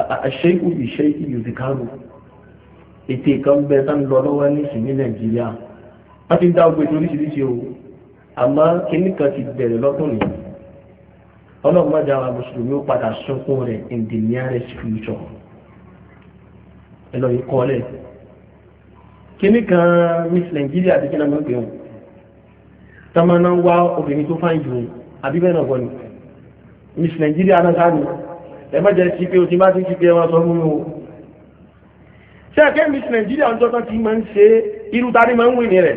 àṣẹ́kù ìṣẹ́kù yòzìkárò ètè kan bẹ tán lọ lọ́wọ́ nísìn ní nàìjíríà wọ́n ti dá ogun ètò oríṣiríṣi o àmọ́ kíní kan ti bẹ̀rẹ̀ lọ́kùnrin ọlọ́run mọ́jà wa mùsùlùmí ó padà sunkún rẹ̀ in the nearest future ẹ lọ yìí kọ́lẹ̀ kíní miss nàìjíríà ti kí náà mọ́ gbẹ̀hùn tọ́mọ náà wá obìnrin tó fáyìn jù àbí bẹ́ẹ̀ náà gbọ́ ni miss nàìjíríà náà sáà ẹmọ́jẹ́ sí pé o ti máa ti pé ẹwà sọ mú o ṣe ẹ̀kẹ́ miss Nigeria ọjọ́ tán ti máa ń ṣe irú tari máa ń wìn rẹ̀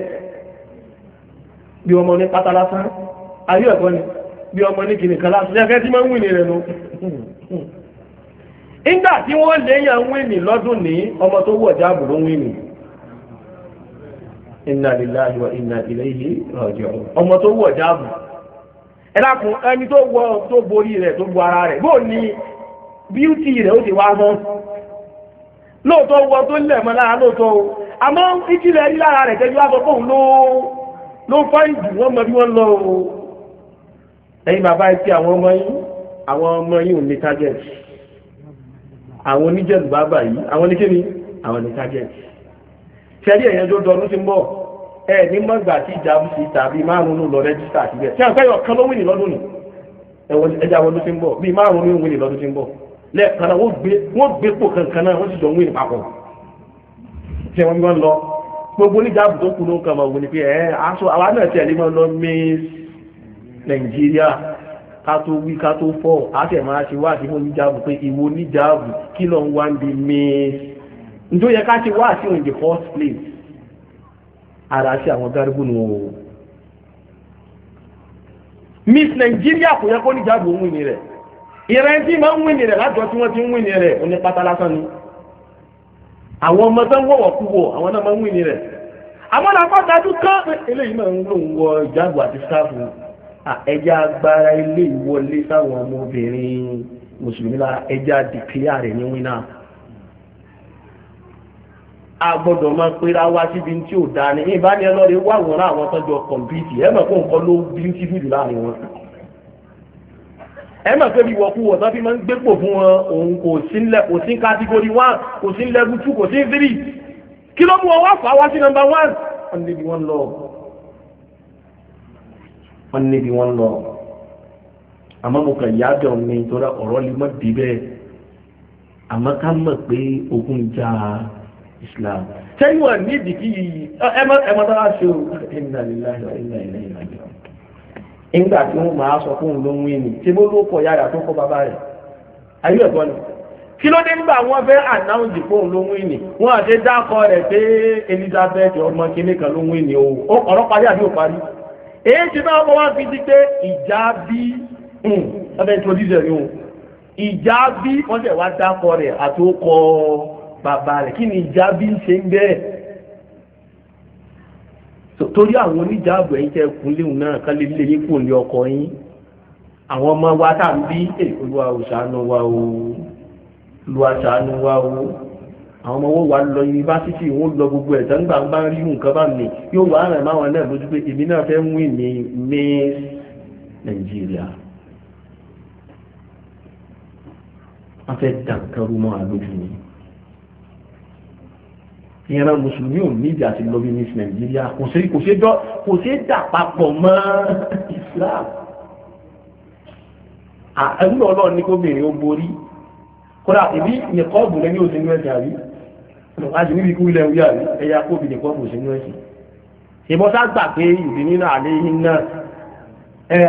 bí ọmọ ní pátá lásán ayé ẹ̀kọ́ ni bí ọmọ ní kìnnìkan lásán ẹ̀kẹ́ ti máa ń wìn rẹ̀ nu nígbà tí wọ́n léyàn wìn lọ́dún ní ọmọ tó wọ̀ jáàbù ló wìn nìí inna lillahi wa inna ilayhi ọmọ tó wọ̀ jáàbù ẹlákùn ẹni tó wọ tó borí rẹ̀ tó bu ara rẹ̀ bóò ní bíútì rẹ̀ ó ti wá mọ́ lóòótọ́ wọ tó lẹ̀ mọ́ lára lóòótọ́ o àmọ́ ìkìlẹ̀ rí lára rẹ̀ tẹ́jú àbọ̀ ló ló wọ́n mọ bí wọ́n lọ o ẹ̀yin bàbá ẹ tí àwọn ọmọ yín àwọn ọmọ yín ò ní target àwọn oníjẹ̀lù bàbá yìí àwọn oníkéni àwọn ní target ṣẹ́rí ẹ̀yẹn tó dọdún ti ń ẹ ní mọ́gbà tí ìjà ń fi tàbí márùn-ún lọ rẹ́jísítà síbẹ̀ tí àwọn ọ̀kan ló wìn lọ́dún ni ẹja wọn ló ti ń bọ̀ bíi márùn-ún ló wìn lọ́dún ti ń bọ̀ lẹ́ẹ̀kan náà wọ́n gbé pò kankan náà wọ́n sì jọ ń wé papọ̀ tí wọ́n gbọ́n lọ gbogbo oníjàbù tó kúrò kan mọ̀ wò ni pé ẹ̀ aṣọ àwa náà tẹ̀lé mọ́ lọ miss nàìjíríà ká tó wí ká tó fọ́ àti ẹ̀mọ́ àti wá àti oníjàbù pé ìwo oníjàbù kí lọ ń wá ń bi miss njó yẹ ká ti wá àti òǹdè first place ara sí àwọn gárígbó nù o miss nàìjíríà kò yẹ kó oníjàbù òun ìní rẹ̀ ìrẹ́ tí ma ń wíni rẹ̀ látọ̀ tí wọ́n ti ń wíni rẹ̀ oní pátá lásán ni àwọn ọmọ tó ń wọ̀wọ̀ púpọ̀ àwọn náà ma ń wíni rẹ̀ àwọn àkọ́dájú kan eléyìí máa ń lò ń wọ ìjágbó àti sáfù ẹja agbára ilé ìwọlé sáwọn ọmọbìnrin mùsùlùmí lára ẹja dìkíyà rẹ̀ ní wíná a gbọ́dọ̀ máa pera wá síbi tí ò dáa ní ìbánilọ́rẹ̀ wà wọ́n láwọn tọ́jú kọ̀m̀pìtì ẹ̀mọ̀ fún nǹkan ló bí ń tí fìdí láàrin wọn ẹ mọ̀ pé wíwọ̀ kú wọ̀ tán fi máa ń gbépò fún wọn òun kò sí ńlẹ̀ kò sí kátígórì one kò sí level two kò sí three kí ló mú wọn wá fà wá sí nọmba one wọn níbi wọn lọ wọn níbi wọn lọ àmọ́ mo kàn yá dọ̀ ní ìtura ọ̀rọ̀ lè má dé bẹ́ẹ̀ àmọ́ ká mọ̀ pé ogun jà Islam sẹ́yìn wà nídìí kí ẹ̀mọ́tara ṣe o inna lillahi wa inna ilayhi raji'un. nígbà tí wọ́n máa sọ fún ló ń tí mo ló kọ yára tó kọ bàbá rẹ̀ ayé ni kí ló dé nígbà wọ́n fẹ́ ànáwùjì fóun ló ń wí àti dákọ rẹ̀ pé Elizabeth ọmọ kìnnì kan o ọ̀rọ̀ parí àbí ò parí èyí ti náà wọ́n fi di pé ìjà bí hmm, o ìjà bí wọ́n tẹ̀ wá dákọ rẹ̀ àti torí àwọn oníjàbù ẹ̀yìn tẹ́ kún léhùn náà ká lè lè yín kò lè ọkọ yín àwọn ọmọ wa tá ń bí olúwa ò ṣàánú wa o olúwa ṣàánú wa o àwọn ọmọ wọn wà lọ yunifásitì wọn lọ gbogbo ẹ̀sán gbà ń bá rí nǹkan bá mi yóò wà rẹ̀ máwọn náà lójú pé èmi náà fẹ́ wí ní Miss Nàìjíríà wọ́n fẹ́ dàǹkan rú mọ́ àlójú ni. ìran mùsùlùmí ò ní ìdí àti lọ́bí ní nàìjíríà kò sí kò sí kò dà papọ̀ mọ́ islam ọlọ́run ní kóbìnrin ó borí kódà ìbí nìkan ọ̀bùn lẹ́ni ò sí ẹ̀sìn níbi ikú ilẹ̀ ẹ̀yà ọ̀bùn sí ẹ̀sìn ìbọn sá gbà pé nínú náà ẹ̀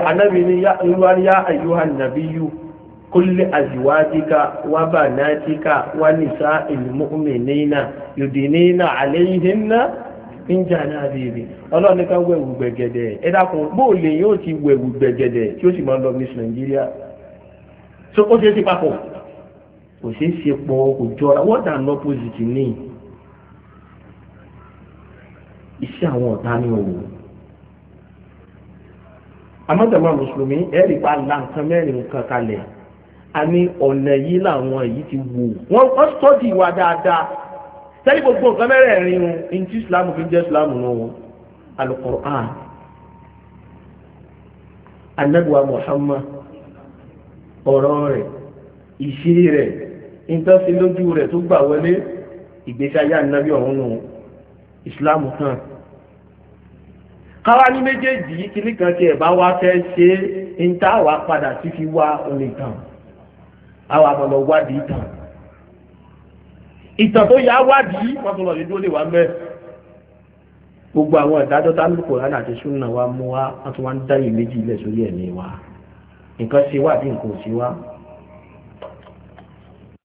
كل أزواجك وبناتك ونساء المؤمنين يدينين عليهن من جلابيبي ọlọ́run nìkan wẹ̀wù gbẹ̀gẹ̀dẹ̀ ẹ dákun bóò lè egwu ti wẹ̀wù gbẹ̀gẹ̀dẹ̀ tí ó sì máa ń lọ miss Nigeria so ó ṣeé ṣe papọ̀ kò ṣeé ṣe pọ̀ kò jọra àwọn ọ̀tá ni a ní ọ̀nà yìí làwọn èyí ti wò wọ́n tọ́jú ìwà dáadáa sẹ́yìn gbogbo nǹkan mẹ́rẹ̀ẹ̀rin o ní tí islam fi jẹ́ islam nù o alukur'an anabiwa muhammad ọ̀rọ̀ rẹ̀ ìṣe rẹ̀ ìtọ́sí lójú rẹ̀ tó gbà wọlé ìgbésí ayé ànábì ọ̀hún nù islam kan káwá ní méjèèjì yìí kìnnìkan tí ẹ̀ bá wá fẹ́ ṣe ń tá àwa padà sí fi wá omi àwọn àmọ́ lọ wádìí ìtàn ìtàn tó yá wádìí wọ́n tó lọ ní dúró lè wá mẹ́ gbogbo àwọn ìdájọ́ tálùkù rádà àti súnà wa mú wa wọ́n tún wá ń dá ìméjì ilẹ̀ sórí ẹ̀mí wa nǹkan ṣe nkosiwa.